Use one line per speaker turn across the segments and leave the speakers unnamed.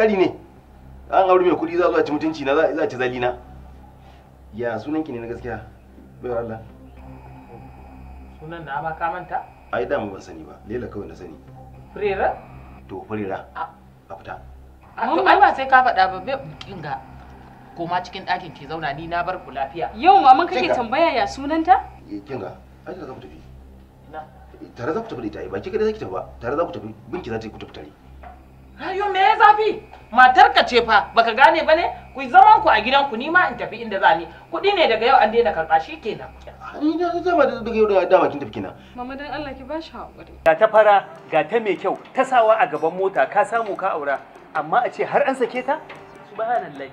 tsari ne an aure mai kuɗi za zuwa ci mutunci na za ci zali na ya sunan ki ne na gaskiya bai Allah
sunan na ba ka manta
ai da mu ban sani ba lela kawai na sani furera to furera a fita
to ai ba sai ka faɗa ba bai ga koma cikin ɗakin ke zauna ni na bar ku lafiya yau mun kake tambaya ya sunanta
eh, kinga ai za ku
tafi
na
eh, tare za ku tafi da ita ba kika da zaki ki tafi ba tare za ku tafi binki za ta yi ku tafi tare
Yo me ya zafi? Matarka ce fa baka gane ba ne? Ku zaman ku a gidanku ni ma in tafi inda za ni. Kuɗi ne daga yau an daina karɓa shi kenan.
Ni dai zama da daga yau da dama kin tafi kina.
Mama dan Allah ki bashi hakuri.
Ga ta fara ga ta mai kyau ta sawa a gaban mota ka samu ka aura amma a ce har an sake ta? Subhanallahi.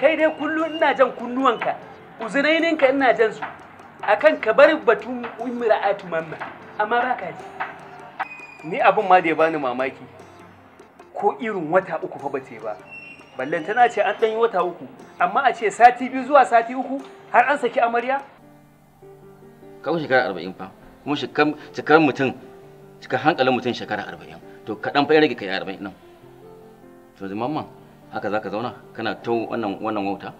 Kai dai kullum ina jan kunnuwanka ka ina jan su akan ka bar batun umra'atu mamma amma ba ka ji. Ni abin ma da ya bani mamaki ko irin wata uku fa bace ba ballan tana ce an yi wata uku amma a ce sati biyu zuwa sati uku har an saki amarya
kawo shekara arba'in fa kuma shekar mutum cikar hankalin mutum shekara arba'in to kaɗan fa ya rage kai arba'in nan to zai mamman haka za ka zauna kana to wannan wannan wauta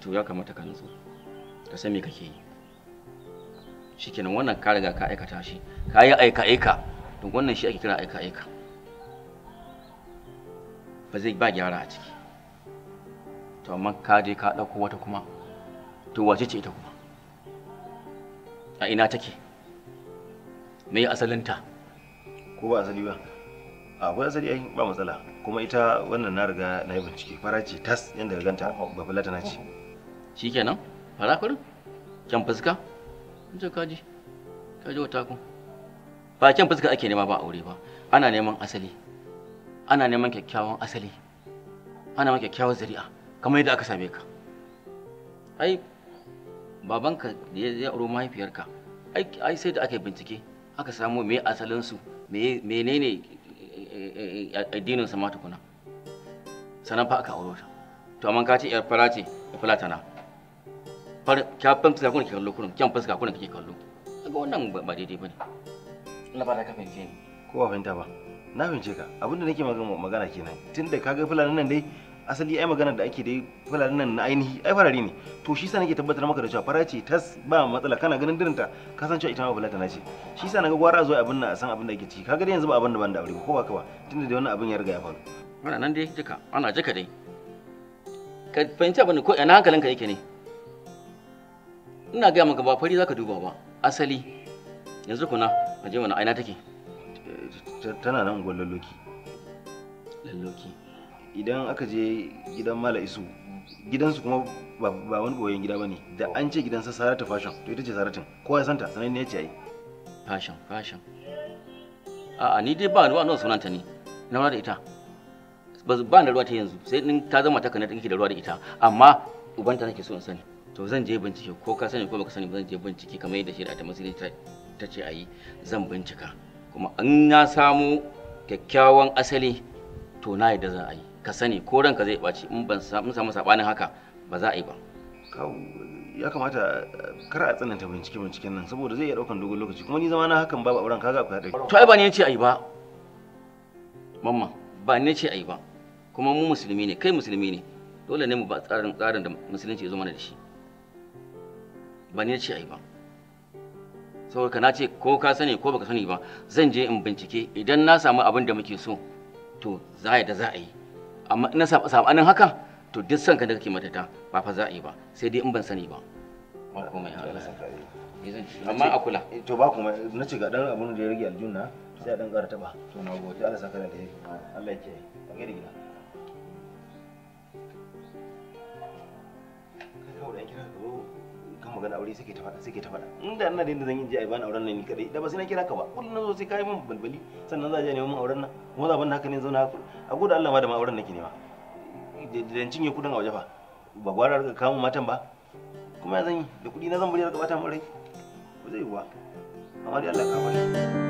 to ya kamata ka nutsu ka san me kake yi shikenan wannan ka riga ka aikata shi ka yi aika aika don wannan shi ake kira aika aika ba zai ba gyara a ciki to amma ka je ka ɗauko wata kuma to wace ce ita kuma a ina take me asalinta ko ba
asali ba akwai asali ai ba matsala kuma ita wannan na riga na yi bincike fara ce tas yadda ka ganta
ba fulata na ce shikenan fara kurin kyan fuska in ce kaji kaji wata kun ba kyan fuska ake nema ba aure ba ana neman asali ana neman kyakkyawan asali ana neman kyakkyawan zari'a kamar yadda aka same ka ai babanka da ya auro mahaifiyarka ai sai da aka bincike aka samu me asalin su menene eh, eh, eh, addinin sa mata kuna sanan fa aka auro ta to amma ka ce yar fara ce yar fara tana far kyan fuska kuna kike kallo kuna kyan fuska kuna kike kallo wannan ba daidai ne. na ba da ka fahimce ni. Ko ba fahimta ba. Na fahimce
ka. Abinda nake magana kenan. Tunda kaga fulanin nan dai asali ai magana da ake dai fulanin nan na ainihi ai farari ne. To shi sa nake tabbatar maka da cewa fara ce tas ba matsala kana ganin dirinta ka san cewa ita ma fulata nace Shi sa naga gwara zuwa abin nan a san abin da ake ciki. Kaga dai yanzu ba abin da ban da aure ko ba ka ba.
Tunda dai wannan abin ya riga ya faru. Ana nan dai jika, ana jika dai. Ka fahimci abin ko ina hankalinka yake ne. Ina gaya maka ba fari zaka duba ba. Asali yanzu kuna ka je wani aina take
eh, tana nan unguwar lalloki lalloki idan aka je gidan mala isu gidansu kuma ba wani boyen gida bane da an ce gidansa sarata fashion to ita ce saratin kowa ya santa
sanan ne ya ce ai fashion fashion a'a ni dai ba ruwa nawa sunanta ne na ruwa da ita ba da ruwa ta yanzu sai in ta zama ta kanar da ruwa da ita amma ubanta nake so in sani to zan je bincike ko ka sani ko baka sani ba zan je bincike kamar yadda shi da ta musulunci ta ce a yi zan bincika kuma in na samu kyakkyawan asali to na yadda za a yi ka sani ko ranka zai ɓaci in ban samu saɓanin haka ba za a yi ba ya kamata eh, kar a tsananta bincike binciken nan saboda zai iya ɗaukan dogon lokaci kuma ni zama na hakan babu auren kaga ku haɗari to ai ba ni ce a yi ba mamma ba ni ce a yi ba kuma mu musulmi ne kai musulmi ne dole ne mu ba tsarin tsarin da musulunci ya zo mana da shi ba ni ce a yi ba saboda na ce ko ka sani ko baka sani ba zan je in bincike idan na samu abin da muke so to za a yi da za a yi amma ina sabanin haka to duk sanka da kake matata ba fa za a yi ba sai dai in ban sani ba ba komai amma a
kula to ba kuma na ce ga dan abin da ya rage aljuna sai a dan ƙara taba to na gode Allah saka da alheri Allah yake ka ga gida ka kawo da kira ka zo akan magana aure suke ta faɗa suke ta faɗa inda ina da yadda zan yi je a bani auren nan ni kadai da ba sai na kira ka ba kullun na sai kai mun balbali sannan za a je neman auren nan mu za ban haka ne zauna a gode Allah ma da ma auren nake nema da cinye kudin a waje fa ba gwara ka kamo matan ba kuma ya zan yi da kudi na zan bari ka bata mun rai ba zai yi ba amma dai Allah ka bashi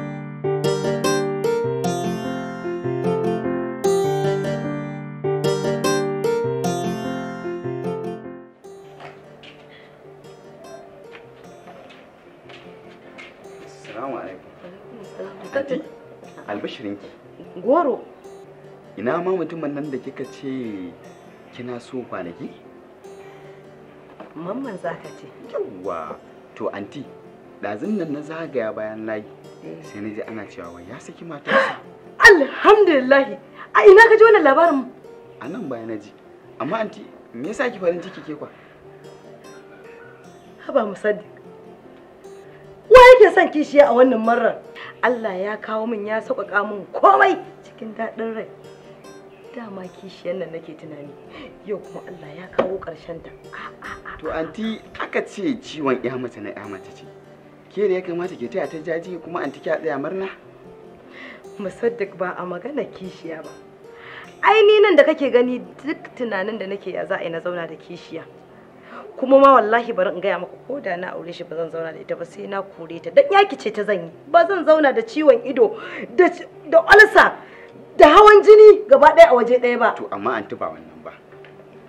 ki. goro ina ma mutumin nan da kika ce kina so kwanaki
mamman zaka ce
yawwa to anti ɗazun nan na zagaya bayan layi eh. sai na ji ana cewa ya saki matarsa alhamdulillahi a ina ka ji wannan labarin a nan baya na ji amma anti me yasa ki farin ciki ke kwa
haba musaddi wa yake son kishiya a wannan marar Allah ya kawo min ya sauƙaƙa min komai cikin daɗin rai dama kishiyar nan nake tunani yau kuma Allah ya kawo
ƙarshen ta to anti aka ce ciwon ya mace na ya mace ce ke ne ya kamata ke taya ta jaji kuma anti kya tsaya murna musaddik ba a magana
kishiya ba ai ni nan da kake gani duk tunanin da nake ya za a yi na zauna da kishiya kuma ma wallahi bari in gaya maka ko da na aure shi bazan zauna da ita ba sai na kore ta dan yaki ce ta zan yi ba zan zauna da ciwon ido da da alsa da hawan jini gaba ɗaya a waje daya ba
to amma anti ba wannan ba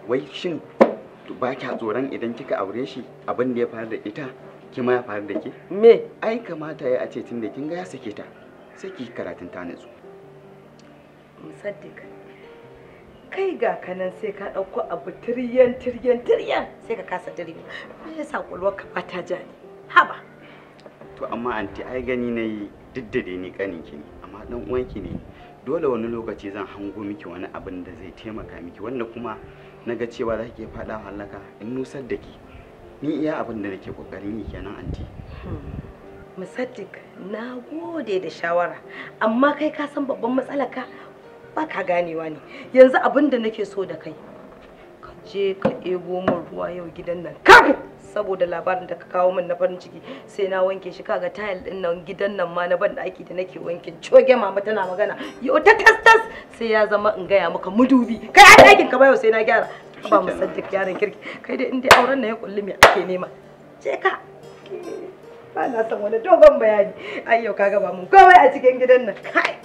wai shin ba kya tsoron idan kika aure shi abin da ya faru da ita ki ma ya faru da ke me ai kamata yi a ce tun da kin ga ya sake ta sai karatun ta nutsu
musaddika. kai ga kanan sai ka ɗauko abu tiryan tiryan tiryan sai ka kasa dirimi me yasa kwalwar ka ba ta jani haba
to amma anti ai gani nayi diddade ni kanin ki amma dan uwanki ne dole wani lokaci zan hango miki wani abin da zai taimaka miki wanda kuma na ga cewa za ki faɗa halaka in nusar da ki ni iya abin da nake kokarin yi kenan anti
hmm. musaddik na gode da shawara amma kai ka san babban matsalaka. ka baka ganewa ne yanzu abin da nake so da kai ka je ka ebo min ruwa yau gidan nan ka saboda labarin da ka kawo min na farin ciki sai na wanke shi kaga tayil din nan gidan nan ma na ban daki da nake wankin coge mama tana magana yau ta tas sai ya zama in gaya maka mudubi kai a dakin ka bayo sai na gyara ba mu saddik yaran kirki kai dai in auren nan ya kulli me ake nema je ka ba na san wani dogon bayani ai yau kaga ba mun komai a cikin gidan nan kai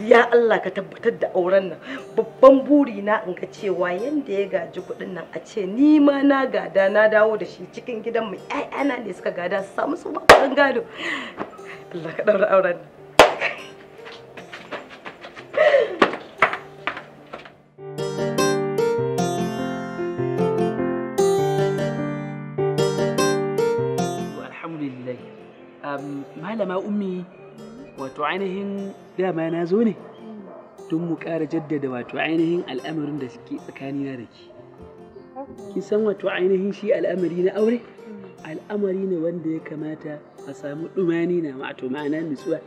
ya Allah ka tabbatar da auren nan babban buri na in ga cewa yanda ya gaji kuɗin nan a ce ni ma na gada na dawo da shi cikin gidan mu ƴaƴana ne suka gada su samu su babban gado Allah ka daura auren nan
Malama Ummi wato ainihin dama na zo ne don mu ƙara jaddada wato ainihin al'amarin da suke tsakanina da ke kin san wato ainihin shi al'amari na aure al'amari ne wanda ya kamata a samu ɗumani na wato ma'ana nutsuwa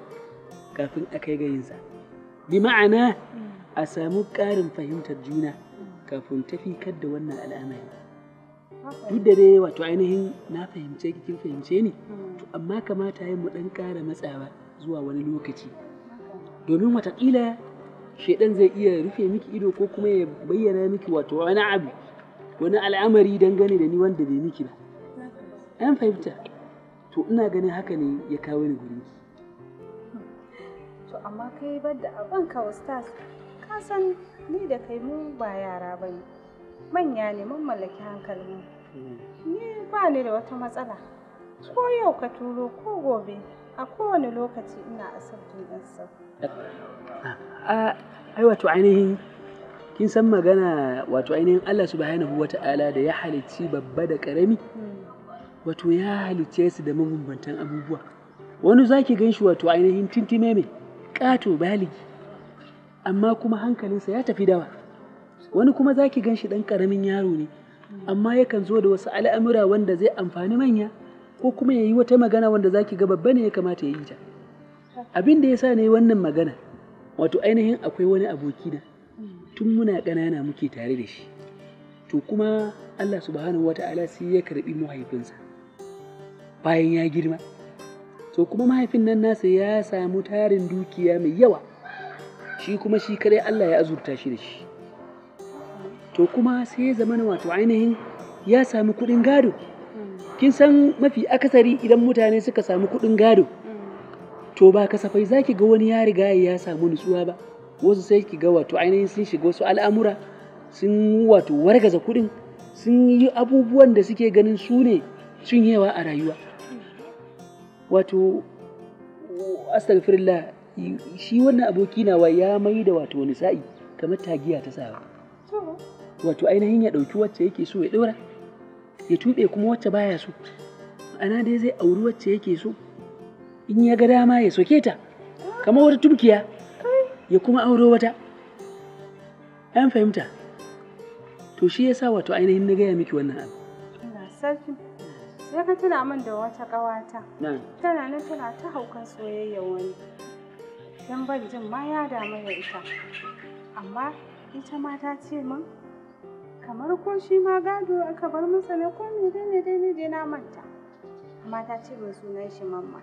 kafin a kai ga yinsa bi ma'ana a samu ƙarin fahimtar juna kafin tafi da wannan al'amari duk da dai wato ainihin na fahimce kin fahimce ni amma kamata yin mu ɗan ƙara matsawa zuwa wani lokaci domin watakila shaidan zai iya rufe miki ido ko kuma ya bayyana miki wato wani abu wani al'amari dangane da ni wanda bai miki ba an fahimta to ina ganin haka ne ya kawo ni guri
to amma kai bar da abin ka ustaz ka san ni da kai mu ba yara ba ne manya ne mun mallaki hankali mu mm. ni ba ni da wata matsala ko yau ka turo ko gobe a kowane lokaci ina asabtin ɗansa.
Ai wato ainihin kin san magana wato ainihin Allah subhanahu wa ta'ala da ya halicci babba da ƙarami hmm. wato ya halicce su da mabambantan abubuwa wani zaki gan shi wato ainihin tintime mai ƙato baligi amma kuma hankalinsa ya tafi dawa wani kuma zaki gan shi ɗan ƙaramin yaro ne hmm. amma yakan zo da wasu al'amura wanda zai amfani manya ko kuma ya yi wata magana wanda za ki ga babba ne ya kamata ya yi ta abin da ya sa ne wannan magana wato ainihin akwai wani aboki na tun muna ƙanana muke tare da shi to kuma Allah subhanahu wa ta'ala sai ya karbi mahaifinsa bayan ya girma to kuma mahaifin nan nasa ya samu tarin dukiya mai yawa shi kuma shi kare Allah ya azurta shi da shi to kuma sai ya zama wato ainihin ya samu kuɗin gado kin san mafi akasari idan mutane suka samu kuɗin gado to ba kasafai za ki ga wani ya riga ya samu nutsuwa ba wasu sai ki ga wato ainihin sun shiga wasu al'amura sun wato wargaza kuɗin sun yi abubuwan da suke ganin su ne sun yawa a rayuwa wato astagfirullah shi wannan aboki nawa ya mai da wato wani sa'i kamar tagiya ta sawa wato ainihin ya ɗauki wacce yake so ya ɗora ya tuɓe kuma wacce baya so ana dai zai auri wacce yake so in ya ga dama ya soke ta kamar wata turkiya ya kuma auro wata an fahimta to shi ya sa wato ainihin na gaya miki wannan abu
sai ka tuna min da wata ƙawata tana nan tana ta haukan soyayya wani don ban jin ma ya damu ya ita amma ita ma ta ce min kamar ko shi ma gado aka bar masa ne ko menene dai ne dai na manta amma ta ce min sunan shi mamma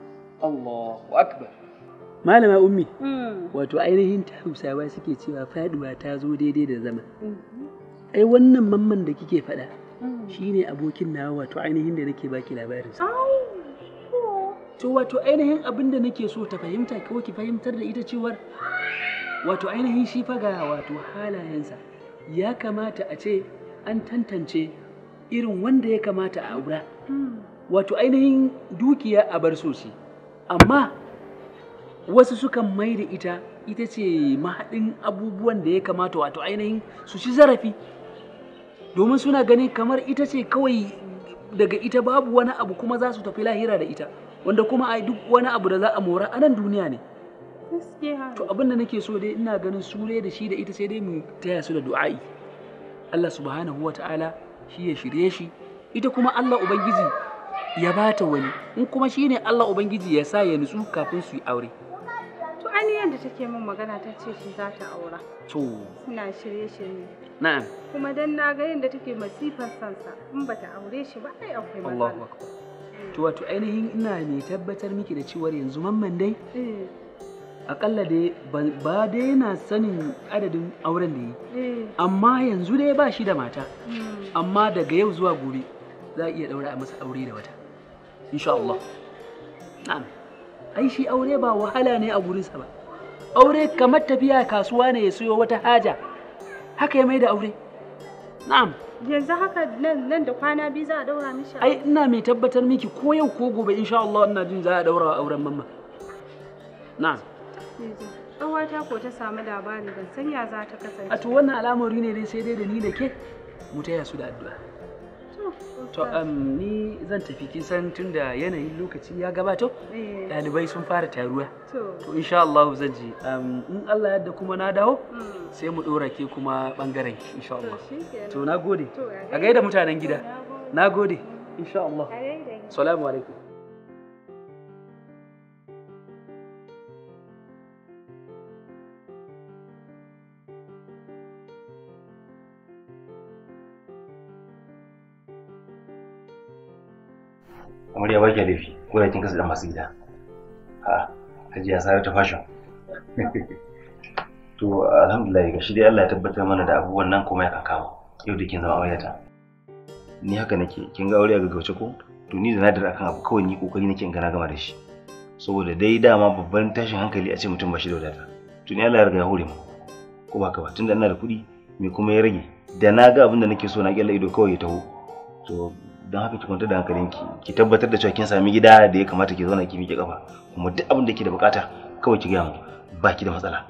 Allahu akbar Malama Ummi
hmm.
wato ainihin ta Hausawa suke cewa faduwa ta zo daidai da zama hmm. ai wannan mamman da kike faɗa hmm. shine abokin nawa wato ainihin da nake baki labarin sa to wato ainihin abin da nake so ta fahimta ko ki fahimtar da ita cewar wato ainihin shi fa ga wato halayensa ya kamata a ce an tantance irin wanda ya kamata a aura wato ainihin dukiya a bar sosi amma wasu sukan mai da ita ita ce mahaɗin abubuwan da ya kamata wato ainihin su ci zarafi domin suna ganin kamar ita ce kawai daga ita babu wani abu kuma za su tafi lahira da ita wanda kuma ai duk wani abu da za a mora anan duniya ne to abin da nake so dai ina ganin sure da shi da ita sai dai mu taya su da du'a'i Allah subhanahu wa ta'ala shi ya shirye shi ita kuma Allah ubangiji ya bata wani in kuma shine Allah ubangiji ya sa ya nutsu kafin su yi aure
to an yanda take min magana ta ce shi za ta aura to ina shirye shirye na'am kuma dan na ga yadda take masifar sansa in bata aure shi ba ai akwai matsala
Allahu akbar to wato ainihin ina ne tabbatar miki da cewar yanzu mamman dai eh. akalla dai ba dai yana sanin adadin auren da yi eh. amma yanzu dai ba shi da mata hmm. amma daga yau zuwa gobe za a iya daura a masa aure da wata insha Allah na'am ai shi aure ba wahala ne a gurinsa ba aure kamar tafiya kasuwa ne ya siyo wata haja haka ya mai da aure na'am
yanzu haka nan da kwana biyu za a daura mishi ai
ina mai tabbatar miki ko yau ko gobe insha Allah ina jin za a daura auren mamma na'am
Ƙawata ko ta samu labari ban san ya za ta kasance. A to
wannan al'amari ne dai sai dai da ni da ke mu taya su da addu'a. To ni zan tafi kin san tunda yanayin lokaci ya gabato eh. ɗalibai sun fara taruwa. To insha Allah zan je. in Allah yadda kuma na dawo hmm. sai mu ɗora ke kuma ɓangaren insha Allah.
To na gode. A gaida mutanen gida. Na gode.
Insha Allah. Salamu alaikum.
amarya ba da fi ko da kin kasa da masu gida ha hajiya sare ta fashion to alhamdulillah ga shi dai Allah ya tabbatar mana da abubuwan nan kuma ya kakawo yau da kin zama amaryata ni haka nake kin ga aure a gauce ko to ni da nadir akan abu kawai ni kokari nake in gana gama da shi saboda dai dama babban tashin hankali a ce mutum ba shi da wadata ni Allah ya riga ya hore mu ko ba ka ba tunda ina da kuɗi me kuma ya rage da na ga abin da nake so na kyalla ido kawai ya taho to don haka ki kwanta da hankalinki ki tabbatar da cewa kin sami gida da ya kamata ki zauna ki miƙe kafa kuma duk abin da ke da bukata kawai ki gaya mu ba ki da matsala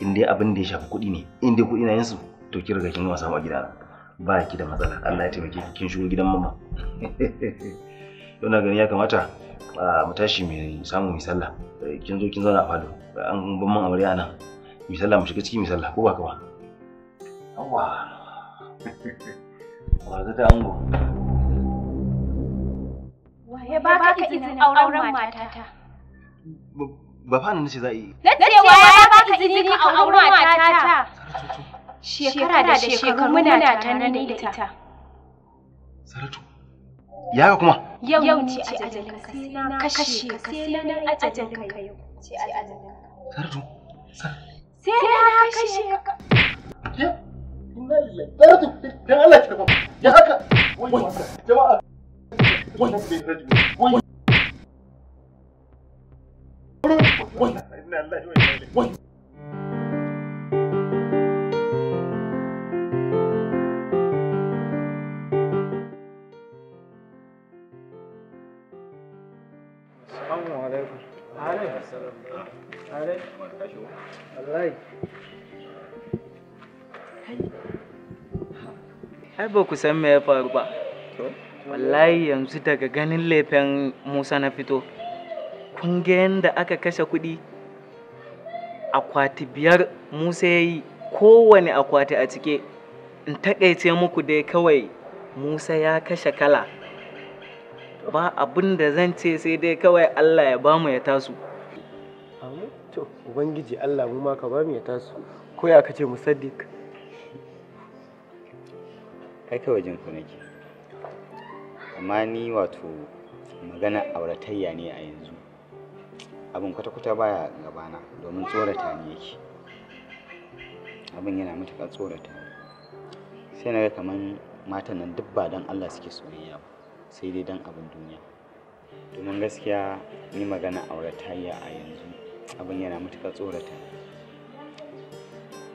in dai abin da ya shafi kuɗi ne in dai kuɗi na yin su to ki riga kin gama samu a gida ba ki da matsala Allah ya taimake ki kin shigo gidan mama yau na ganin ya kamata mu tashi mu samu mu sallah eh, kin zo kin zauna a falo an ban man amarya nan mu sallah mu shiga ciki mu sallah ko ba ka ba yawwa ba ta ango
ya ba ka izinin auren matata.
Ba fa nan ce za a yi.
Na ce wa ya ba ka izinin auren matata.
Shekara da shekaru muna ta tare da ita.
Saratu. Ya ga kuma?
Yau ce ajalin ka sai na kashe ka sai na ajalin ka yau. Ce ajalin ka. Saratu. Sai na
kashe ka. Ke? Inna Saratu, dan Allah ki tafi. Ya haka. Jama'a. Wait,
Ai ba ku san me ya faru ba. wallahi yanzu daga ganin lefen musa na fito kun ga yadda aka kashe kuɗi akwati biyar musa ya yi kowane akwati a cike in takaice muku dai kawai musa ya kashe kala ba abin da zan ce sai dai kawai allah ya bamu ya tasu
to ubangiji allah mu ma ka bamu ya tasu ko ya kace musaddik
kai ka wajen ku nake amma ni wato magana auratayya ne a yanzu abin kwata-kwata baya gabana domin tsorata ne yake abin yana matuƙar tsorata sai na ga kamar matan nan duk ba don allah suke soyayya ba sai dai don abin duniya domin gaskiya ni magana auratayya a yanzu abin yana matuƙar tsorata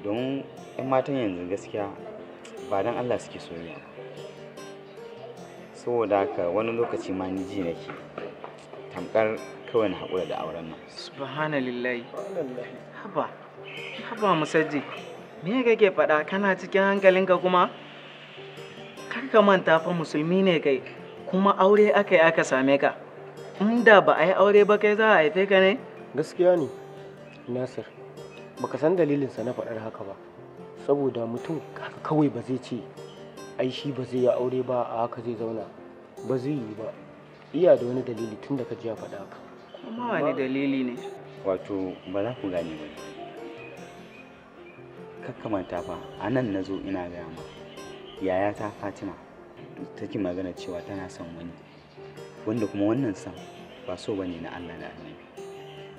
domin 'yan matan yanzu gaskiya ba don allah suke soyayya ba saboda haka wani lokaci ma ni ji nake tamkar kawai na haƙura da auren nan
subhanallahi haba haba musajji me kake faɗa kana cikin hankalin ka kuma kar ka manta fa musulmi ne kai kuma aure aka yi aka same ka inda ba a yi aure ba kai za a haife ka ne gaskiya ne nasir baka san dalilinsa na faɗar
haka ba saboda mutum kawai ba zai ce ai shi ba zai yi aure ba a haka zai zauna ba zai yi ba iya da wani dalili tun da ka ji ya faɗa haka
kuma wani
dalili ne wato ba za ku gane ba kamata fa a nan na zo ina gaya ma yaya ta fatima take magana cewa tana son wani wanda kuma wannan son ba so ba ne na allah da annabi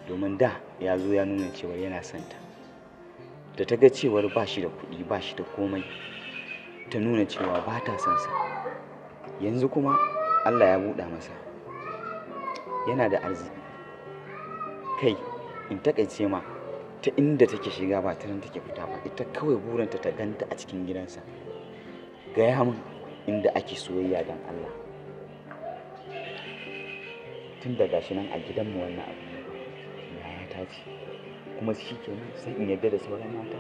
domin da ya zo ya nuna cewa yana son ta da ta ga cewar ba shi da kuɗi ba shi da komai ta nuna cewa ba ta son sa yanzu kuma allah ya buɗa masa yana da arziki kai in takaice ma ta inda take shiga ba ta nan take fita ba ita kawai buranta ta ganta a cikin gidansa gaya min inda ake soyayya don allah tun daga shi nan a gidanmu wannan abu ya ta ce kuma shi kenan sai in yarda da sauran mata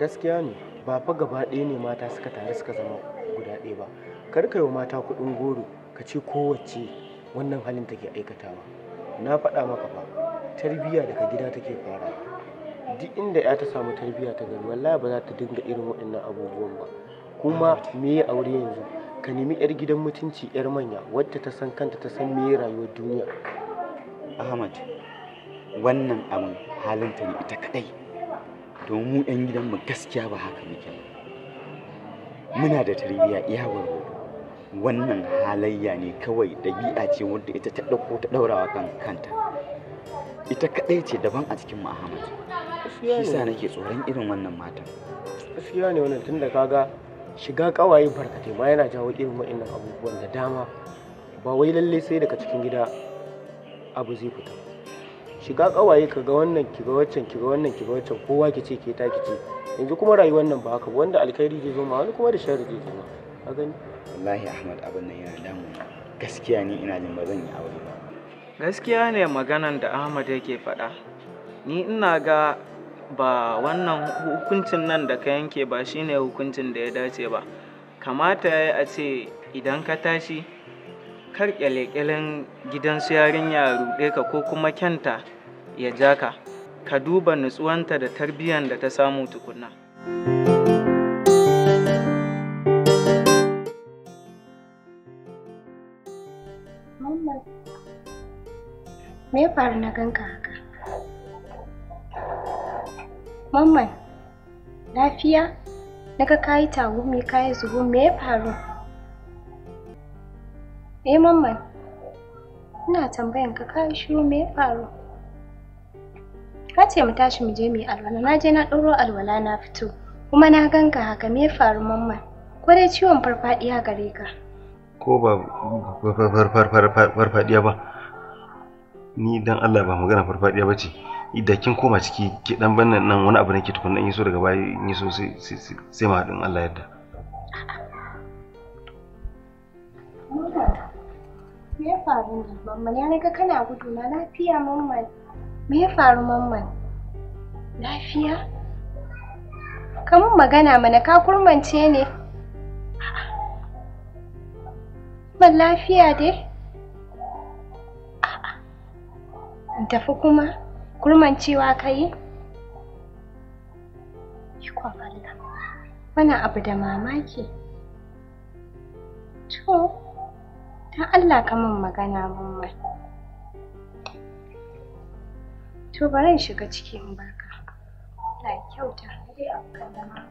gaskiya ne ba fa gaba ɗaya ne mata suka taru suka zama guda ɗaya ba kar ka yi wa mata kuɗin goro ka ce kowace wannan halin take aikatawa na faɗa maka fa tarbiyya daga gida take fara duk inda ya ta samu tarbiyya ta gari wallahi ba za ta dinga irin waɗannan abubuwan ba kuma me ya aure yanzu ka nemi yar gidan mutunci yar manya wadda ta san kanta ta san me rayuwar duniya
ahmad wannan abin halinta ne ita kadai domin mu 'yan mu gaskiya ba haka muke muna da tarbiyya iya gwargwado wannan halayya ne kawai ɗabi'a ce wanda ita ta ɗauko ta ɗaurawa kan kanta ita kaɗai ce daban a cikin muhammad
shi nake
tsoron irin wannan matan
gaskiya ne wannan tunda kaga shiga kawaye barkatai ma yana jawo irin wa'annan abubuwan da dama ba wai lalle sai daga cikin gida abu zai fita shiga kawaye ka ga wannan ki ga waccan ki ga wannan ki ga waccan kowa ki ce ke ta ki ce yanzu kuma rayuwar nan ba haka wanda alkhairi zai zo ma wani kuma da sharri zai zo ma gani wallahi
ahmad abin nan yana damu gaskiya ne ina jin ba zan yi aure ba
gaskiya ne maganan da ahmad yake faɗa ni ina ga ba wannan hukuncin nan da ka yanke ba shine hukuncin da ya dace ba kamata ya a ce idan ka tashi kar kyalekyalen gidan gidansu yarinya ruɗe ka ko kuma kyanta ya ja ka ka duba nutsuwanta da tarbiyyar da ta samu tukunna.
Me faru na ganka haka? Mamman, lafiya? Naga kayi tagumi kayi zugu me faru? faru? Eh mamman, ina tambayan ka kai shiru me ya faru? Ka ce mu tashi mu je mu yi alwala, na je na ɗauro alwala na fito, kuma na ganka haka me ya faru mamman? Ko dai ciwon farfadiya gare ka?
Ko ba farfadiya ba, ni dan Allah ba magana farfadiya ba ce. idan kin koma ciki ki dan bannan nan wani abu nake tukunna in yi so daga baya in yi so sai sai ma haɗin Allah yadda
Me ya faru ne, Mamman? Ya naga kana gudu na lafiya, Mamman. Me ya faru, Mamman? Lafiya? Kamun magana mana ka kurmance ne. Ban lafiya dai? In tafi kuma, kurmancewa ka yi? Ikon Allah, wannan abu da mamaki. To, ta Allah ka min magana mamma to bari in shiga cikin in baka Allah ya kyauta dai
a kan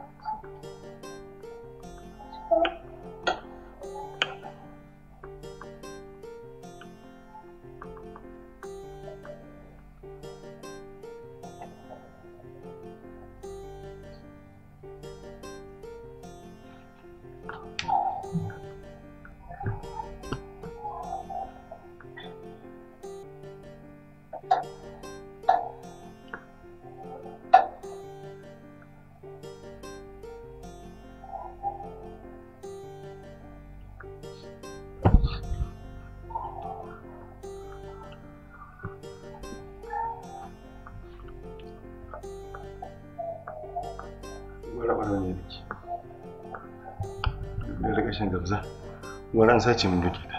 tashin min duki ta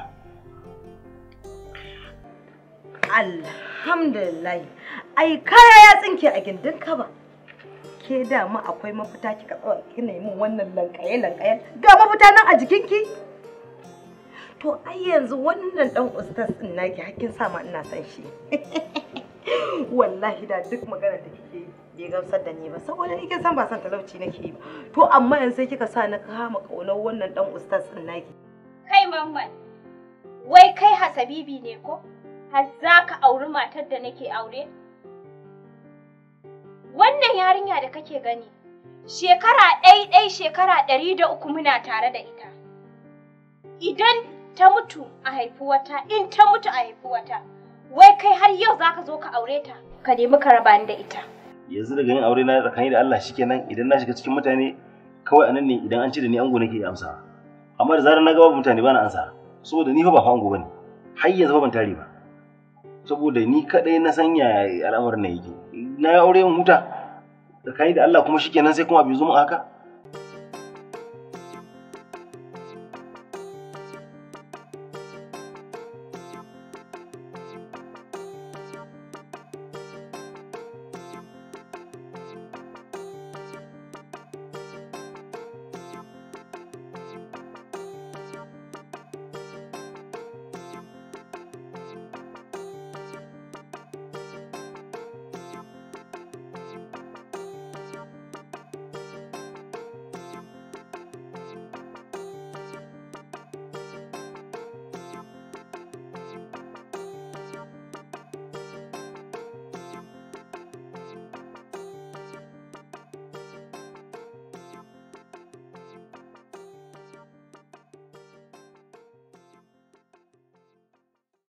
alhamdulillah ai kaya ya tsinke a gindin kaba ke da dama akwai mafita kika tsawa ki nemi wannan lankaye lankaye ga mafita nan a jikinki to ai yanzu wannan dan ustaz din naki hakkin sama ina san shi wallahi da duk magana da bai gamsar da ni ba saboda ni san ba san talauci nake yi ba to amma yanzu sai kika sa na kama kaunar wannan dan ustaz din naki
kai mamman wai kai hasabibi ne ko har za ka auri matar da nake aure wannan yarinya da kake gani shekara ɗai ɗai shekara ɗari da uku muna tare da ita idan ta mutu a haifi wata in ta mutu a haifi wata wai kai har yau za ka zo ka aure ta ka nemi ka raba da ita
yanzu daga yin aure na tsakani da Allah kenan idan na shiga cikin mutane kawai anan ne idan an ci da ni ango nake amsa amma da zarar na ga babu mutane na ansa saboda ni fa ba fa ango bane har yanzu fa ban tare ba saboda ni kadai na sanya al'amarin na yake na aure in huta tsakani da Allah kuma kenan sai kuma bai zo mun haka